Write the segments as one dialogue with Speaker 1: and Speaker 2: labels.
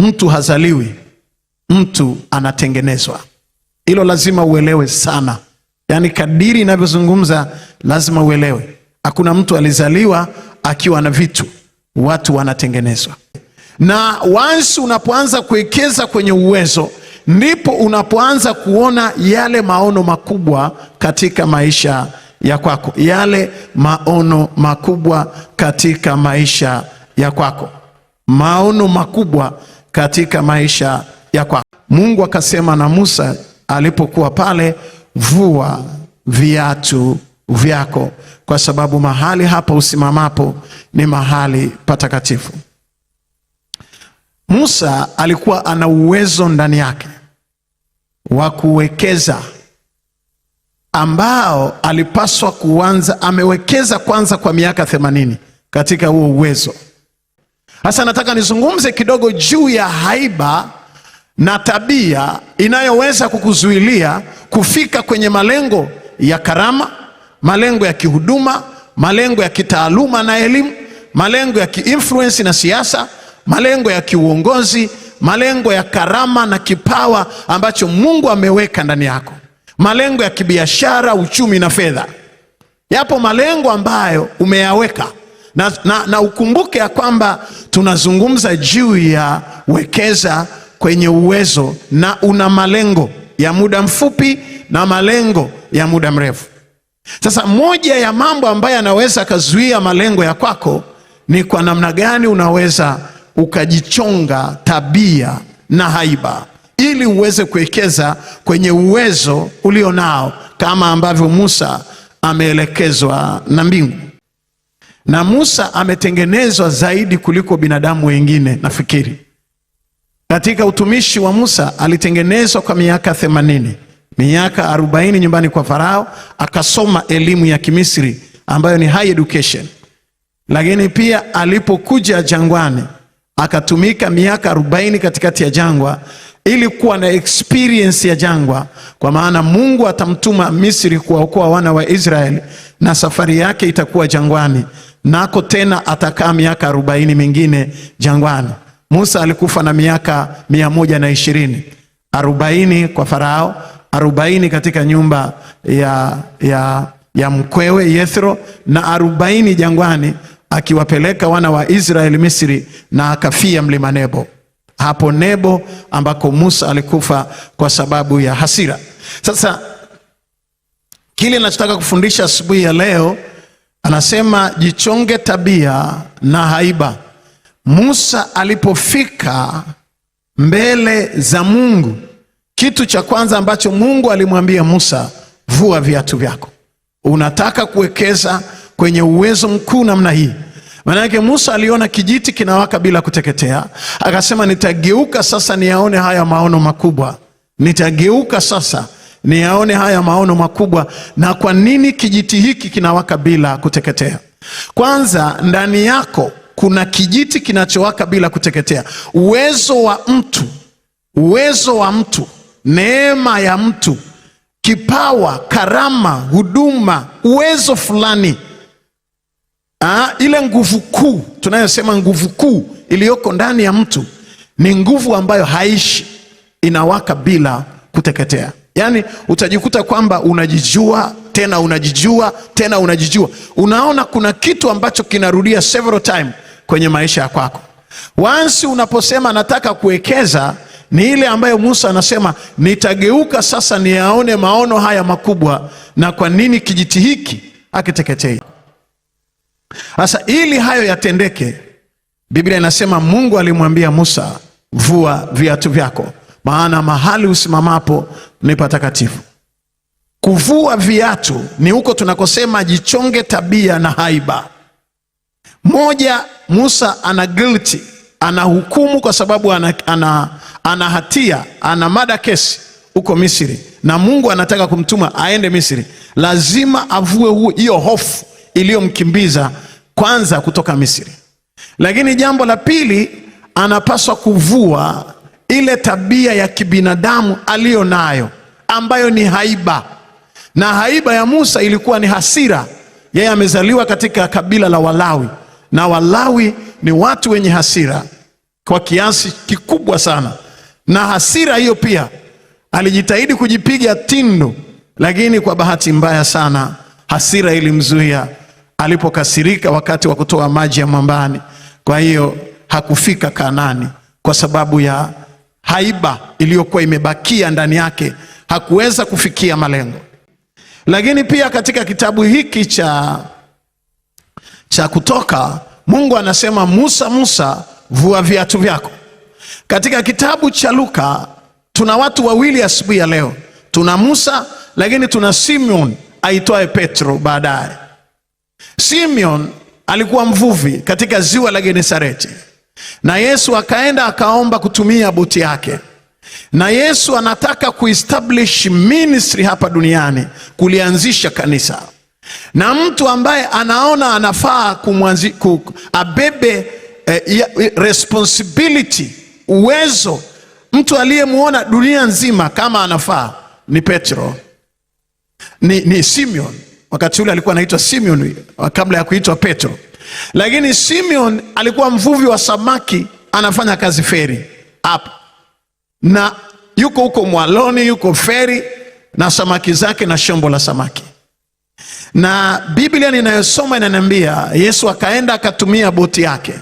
Speaker 1: Mtu hazaliwi, mtu anatengenezwa. Hilo lazima uelewe sana, yaani kadiri inavyozungumza lazima uelewe. Hakuna mtu alizaliwa akiwa na vitu, watu wanatengenezwa. Na once unapoanza kuwekeza kwenye uwezo, ndipo unapoanza kuona yale maono makubwa katika maisha ya kwako, yale maono makubwa katika maisha ya kwako, maono makubwa katika maisha ya kwa. Mungu akasema na Musa alipokuwa pale, vua viatu vyako, kwa sababu mahali hapa usimamapo ni mahali patakatifu. Musa alikuwa ana uwezo ndani yake wa kuwekeza ambao alipaswa kuanza, amewekeza kwanza kwa miaka themanini katika huo uwezo. Sasa nataka nizungumze kidogo juu ya haiba na tabia inayoweza kukuzuilia kufika kwenye malengo ya karama, malengo ya kihuduma, malengo ya kitaaluma na elimu, malengo ya kiinfluensi na siasa, malengo ya kiuongozi, malengo ya karama na kipawa ambacho Mungu ameweka ndani yako, malengo ya kibiashara, uchumi na fedha. Yapo malengo ambayo umeyaweka na, na, na ukumbuke ya kwamba tunazungumza juu ya wekeza kwenye uwezo, na una malengo ya muda mfupi na malengo ya muda mrefu. Sasa moja ya mambo ambayo anaweza akazuia malengo ya kwako ni kwa namna gani unaweza ukajichonga tabia na haiba ili uweze kuwekeza kwenye uwezo ulionao kama ambavyo Musa ameelekezwa na mbingu na Musa ametengenezwa zaidi kuliko binadamu wengine. Nafikiri katika utumishi wa Musa alitengenezwa kwa miaka themanini, miaka arobaini nyumbani kwa Farao, akasoma elimu ya Kimisri ambayo ni high education, lakini pia alipokuja jangwani akatumika miaka arobaini katikati ya jangwa ili kuwa na experience ya jangwa, kwa maana Mungu atamtuma Misri kuwaokoa wana wa Israeli na safari yake itakuwa jangwani nako tena atakaa miaka arobaini mingine jangwani. Musa alikufa na miaka mia moja na ishirini arobaini kwa Farao, arobaini katika nyumba ya, ya, ya mkwewe Yethro na arobaini jangwani akiwapeleka wana wa Israeli Misri, na akafia mlima Nebo, hapo Nebo ambako Musa alikufa kwa sababu ya hasira. Sasa kile ninachotaka kufundisha asubuhi ya leo Anasema jichonge tabia na haiba. Musa alipofika mbele za Mungu, kitu cha kwanza ambacho Mungu alimwambia Musa, vua viatu vyako. Unataka kuwekeza kwenye uwezo mkuu namna hii? Maana yake Musa aliona kijiti kinawaka bila kuteketea, akasema nitageuka sasa niyaone haya maono makubwa, nitageuka sasa niyaone haya maono makubwa, na kwa nini kijiti hiki kinawaka bila kuteketea. Kwanza, ndani yako kuna kijiti kinachowaka bila kuteketea. Uwezo wa mtu, uwezo wa mtu, neema ya mtu, kipawa, karama, huduma, uwezo fulani Aa, ah, ile nguvu kuu tunayosema nguvu kuu iliyoko ndani ya mtu ni nguvu ambayo haishi, inawaka bila kuteketea. Yaani utajikuta kwamba unajijua tena unajijua tena unajijua, unaona kuna kitu ambacho kinarudia several time kwenye maisha ya kwako. Wansi unaposema nataka kuwekeza, ni ile ambayo Musa anasema nitageuka sasa niyaone maono haya makubwa, na kwa nini kijiti hiki akiteketei? Sasa ili hayo yatendeke, Biblia inasema Mungu alimwambia Musa, vua viatu vyako, maana mahali usimamapo ni patakatifu. Kuvua viatu ni huko tunakosema jichonge tabia na haiba. Moja, Musa ana guilty, ana hukumu kwa sababu ana, ana, ana hatia, ana mada kesi huko Misri, na Mungu anataka kumtuma aende Misri. Lazima avue hiyo hofu iliyomkimbiza kwanza kutoka Misri. Lakini jambo la pili, anapaswa kuvua ile tabia ya kibinadamu aliyo nayo ambayo ni haiba, na haiba ya Musa ilikuwa ni hasira. Yeye amezaliwa katika kabila la Walawi, na Walawi ni watu wenye hasira kwa kiasi kikubwa sana, na hasira hiyo pia alijitahidi kujipiga tindo, lakini kwa bahati mbaya sana hasira ilimzuia alipokasirika wakati wa kutoa maji ya mwambani. Kwa hiyo hakufika Kanani kwa sababu ya haiba iliyokuwa imebakia ndani yake, hakuweza kufikia malengo. Lakini pia katika kitabu hiki cha, cha Kutoka, Mungu anasema Musa, Musa, vua viatu vyako. Katika kitabu cha Luka tuna watu wawili asubuhi ya leo, tuna Musa lakini tuna Simeon aitwaye Petro. Baadaye Simeon alikuwa mvuvi katika ziwa la Genesareti na Yesu akaenda akaomba kutumia boti yake. Na Yesu anataka kuestablish ministry hapa duniani, kulianzisha kanisa, na mtu ambaye anaona anafaa kumwanzi, ku, abebe eh, responsibility uwezo, mtu aliyemwona dunia nzima kama anafaa ni Petro, ni, ni Simeon. Wakati ule alikuwa anaitwa Simeon kabla ya kuitwa Petro. Lakini Simeon alikuwa mvuvi wa samaki, anafanya kazi feri hapa na yuko huko mwaloni, yuko feri na samaki zake na shombo la samaki. Na Biblia ninayosoma inaniambia Yesu akaenda akatumia boti yake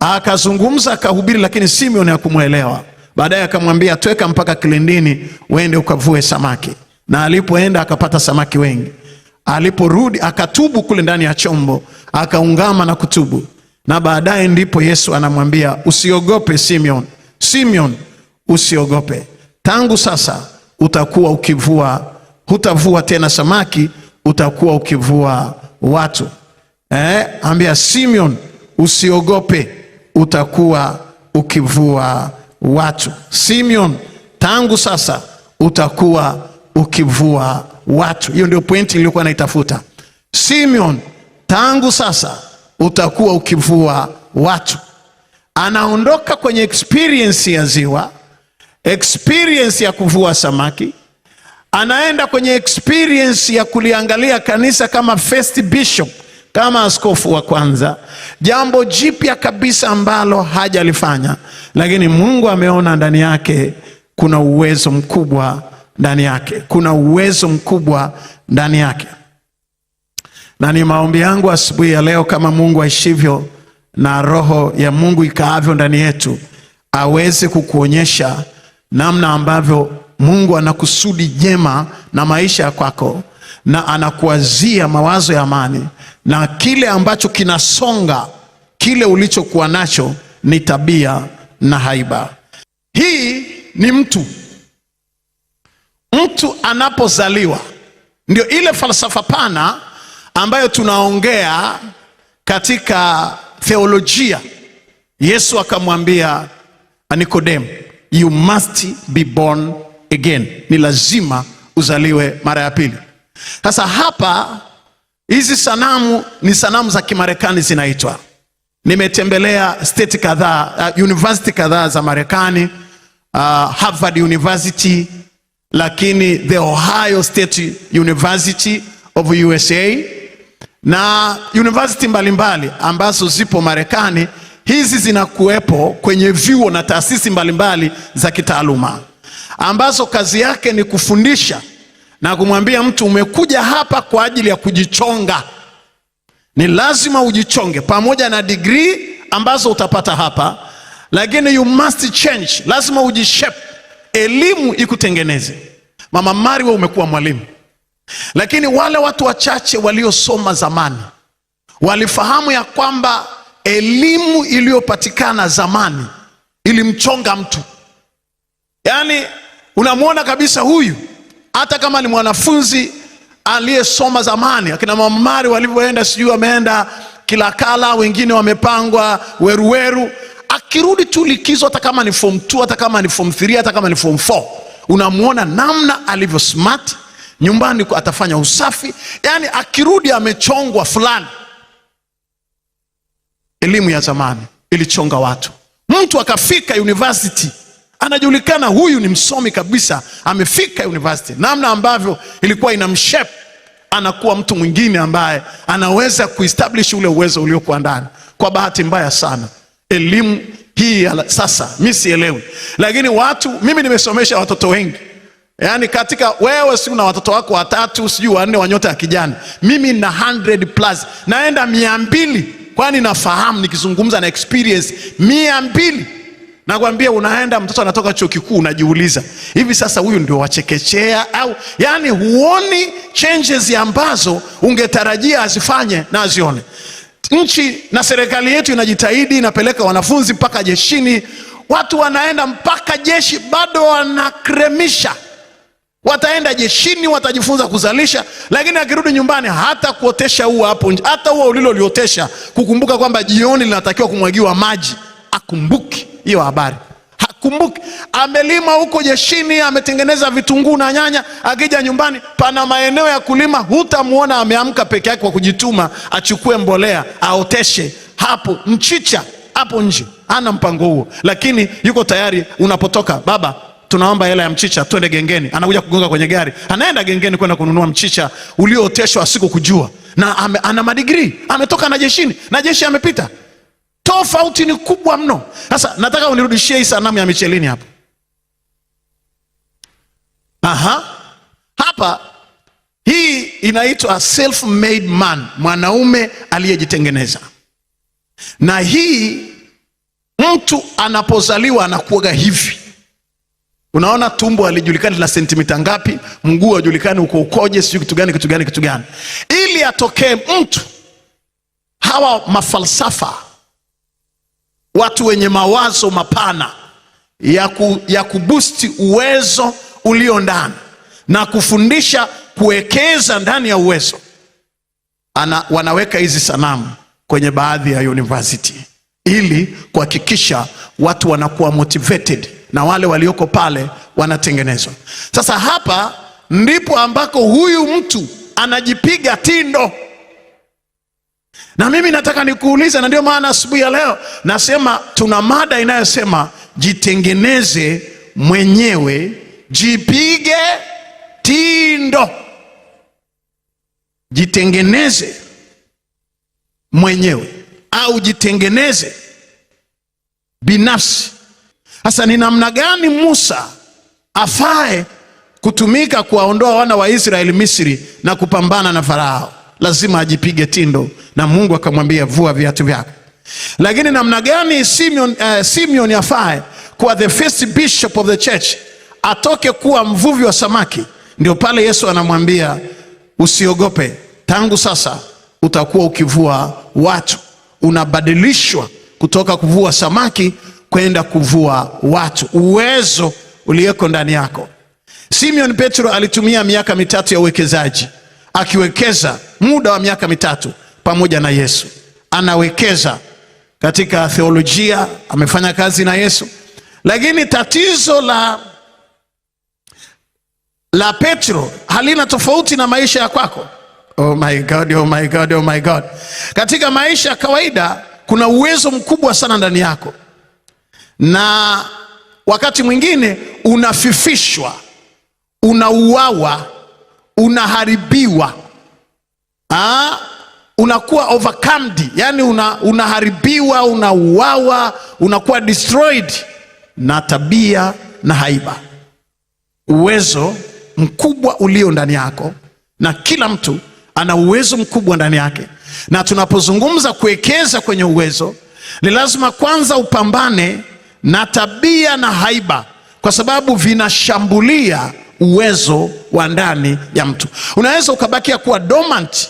Speaker 1: akazungumza akahubiri, lakini Simeon hakumwelewa. Baadaye akamwambia tweka mpaka kilindini, uende ukavue samaki, na alipoenda akapata samaki wengi. Aliporudi akatubu kule ndani ya chombo, akaungama na kutubu, na baadaye ndipo Yesu anamwambia usiogope Simeon, Simeon usiogope, tangu sasa utakuwa ukivua, hutavua tena samaki, utakuwa ukivua watu. Eh, ambia Simeon usiogope, utakuwa ukivua watu. Simeon, tangu sasa utakuwa ukivua watu. Hiyo ndio pointi iliyokuwa naitafuta. Simeon, tangu sasa utakuwa ukivua watu. Anaondoka kwenye experience ya ziwa, experience ya kuvua samaki, anaenda kwenye experience ya kuliangalia kanisa kama first bishop, kama askofu wa kwanza, jambo jipya kabisa ambalo hajalifanya, lakini Mungu ameona ndani yake kuna uwezo mkubwa ndani yake, kuna uwezo mkubwa ndani yake. Na ni maombi yangu asubuhi ya leo, kama Mungu aishivyo na roho ya Mungu ikaavyo ndani yetu, aweze kukuonyesha namna ambavyo Mungu anakusudi jema na maisha ya kwako, na anakuwazia mawazo ya amani, na kile ambacho kinasonga kile ulichokuwa nacho ni tabia na haiba. Hii ni mtu Mtu anapozaliwa ndio ile falsafa pana ambayo tunaongea katika theolojia. Yesu akamwambia Nikodemu, you must be born again, ni lazima uzaliwe mara ya pili. Sasa hapa hizi sanamu ni sanamu za Kimarekani zinaitwa. Nimetembelea state kadhaa, uh, university kadhaa za Marekani, uh, Harvard University lakini the Ohio State University of USA na university mbalimbali ambazo zipo Marekani. Hizi zinakuwepo kwenye vyuo na taasisi mbalimbali za kitaaluma ambazo kazi yake ni kufundisha na kumwambia mtu umekuja hapa kwa ajili ya kujichonga, ni lazima ujichonge, pamoja na degree ambazo utapata hapa, lakini you must change, lazima ujishape elimu ikutengeneze. Mama Mari, wewe umekuwa mwalimu, lakini wale watu wachache waliosoma zamani walifahamu ya kwamba elimu iliyopatikana zamani ilimchonga mtu. Yaani unamwona kabisa huyu, hata kama ni mwanafunzi aliyesoma zamani. Akina Mama Mari walivyoenda, sijui wameenda Kilakala, wengine wamepangwa Weruweru akirudi tu likizo, hata kama ni form 2 hata kama ni form 3 hata kama ni form 4, unamwona namna alivyo smart. Nyumbani atafanya usafi, Yani akirudi amechongwa fulani. Elimu ya zamani ilichonga watu, mtu akafika university anajulikana huyu ni msomi kabisa, amefika university. Namna ambavyo ilikuwa ina mshape, anakuwa mtu mwingine ambaye anaweza kuestablish ule uwezo uliokuwa ndani. Kwa bahati mbaya sana, elimu hii sasa, mi sielewi, lakini watu mimi nimesomesha watoto wengi Yaani katika wewe si una watoto wako watatu sijui wanne wa nyota ya kijani, mimi na 100 plus naenda mia mbili, kwani nafahamu nikizungumza na experience mia mbili. Nakwambia unaenda mtoto anatoka chuo kikuu, unajiuliza hivi sasa huyu ndio wachekechea au? Yaani huoni changes ambazo ungetarajia azifanye na azione. Nchi na serikali yetu inajitahidi, inapeleka wanafunzi mpaka jeshini, watu wanaenda mpaka jeshi, bado wanakremisha. Wataenda jeshini, watajifunza kuzalisha, lakini akirudi nyumbani hata kuotesha ua hapo nje, hata ua uliloliotesha, kukumbuka kwamba jioni linatakiwa kumwagiwa maji, akumbuki hiyo habari. Kumbuke amelima huko jeshini, ametengeneza vitunguu na nyanya. Akija nyumbani, pana maeneo ya kulima, hutamwona ameamka peke yake kwa kujituma, achukue mbolea aoteshe hapo mchicha hapo nje. Hana mpango huo, lakini yuko tayari. Unapotoka, baba, tunaomba hela ya mchicha, twende gengeni. Anakuja kugonga kwenye gari, anaenda gengeni kwenda kununua mchicha uliooteshwa asikokujua, na ana madigrii, ametoka na jeshini na jeshi amepita Tofauti ni kubwa mno. Sasa nataka unirudishie hii sanamu ya Michelini hapo. Aha. Hapa hii inaitwa self made man, mwanaume aliyejitengeneza. Na hii mtu anapozaliwa anakuoga hivi. Unaona, tumbo alijulikani lina sentimita ngapi, mguu ajulikani uko ukoje, sijui kitu gani kitu gani kitu gani. Ili atokee mtu, hawa mafalsafa watu wenye mawazo mapana ya, ku, ya kubusti uwezo ulio ndani na kufundisha kuwekeza ndani ya uwezo ana, wanaweka hizi sanamu kwenye baadhi ya university ili kuhakikisha watu wanakuwa motivated na wale walioko pale wanatengenezwa. Sasa hapa ndipo ambako huyu mtu anajipiga tindo. Na mimi nataka nikuulize, na ndio maana asubuhi ya leo nasema tuna mada inayosema jitengeneze mwenyewe, jipige tindo. Jitengeneze mwenyewe au jitengeneze binafsi. Sasa ni namna gani Musa afae kutumika kuwaondoa wana wa Israeli Misri na kupambana na Farao? lazima ajipige tindo, na Mungu akamwambia vua viatu vyako. Lakini namna gani Simeon, uh, Simeon afae kuwa the first bishop of the church, atoke kuwa mvuvi wa samaki? Ndio pale Yesu anamwambia usiogope, tangu sasa utakuwa ukivua watu. Unabadilishwa kutoka kuvua samaki kwenda kuvua watu, uwezo ulioko ndani yako. Simeon Petro alitumia miaka mitatu ya uwekezaji akiwekeza muda wa miaka mitatu pamoja na Yesu, anawekeza katika theolojia, amefanya kazi na Yesu. Lakini tatizo la la Petro halina tofauti na maisha ya kwako. Oh my God, oh my God, oh my God. Katika maisha ya kawaida kuna uwezo mkubwa sana ndani yako, na wakati mwingine unafifishwa, unauawa, unaharibiwa ah, unakuwa overcomed, yani una, unaharibiwa, unauawa, unakuwa destroyed na tabia na haiba, uwezo mkubwa ulio ndani yako, na kila mtu ana uwezo mkubwa ndani yake. Na tunapozungumza kuwekeza kwenye uwezo, ni lazima kwanza upambane na tabia na haiba, kwa sababu vinashambulia uwezo wa ndani ya mtu. Unaweza ukabakia kuwa dormant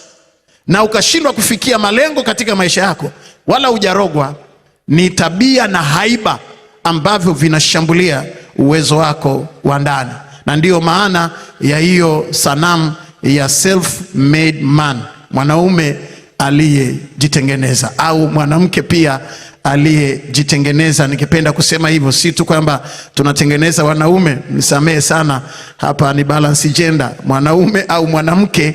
Speaker 1: na ukashindwa kufikia malengo katika maisha yako, wala hujarogwa. Ni tabia na haiba ambavyo vinashambulia uwezo wako wa ndani, na ndiyo maana ya hiyo sanamu ya self made man, mwanaume aliyejitengeneza au mwanamke pia aliyejitengeneza. Nikipenda kusema hivyo, si tu kwamba tunatengeneza wanaume, nisamehe sana, hapa ni balance gender, mwanaume au mwanamke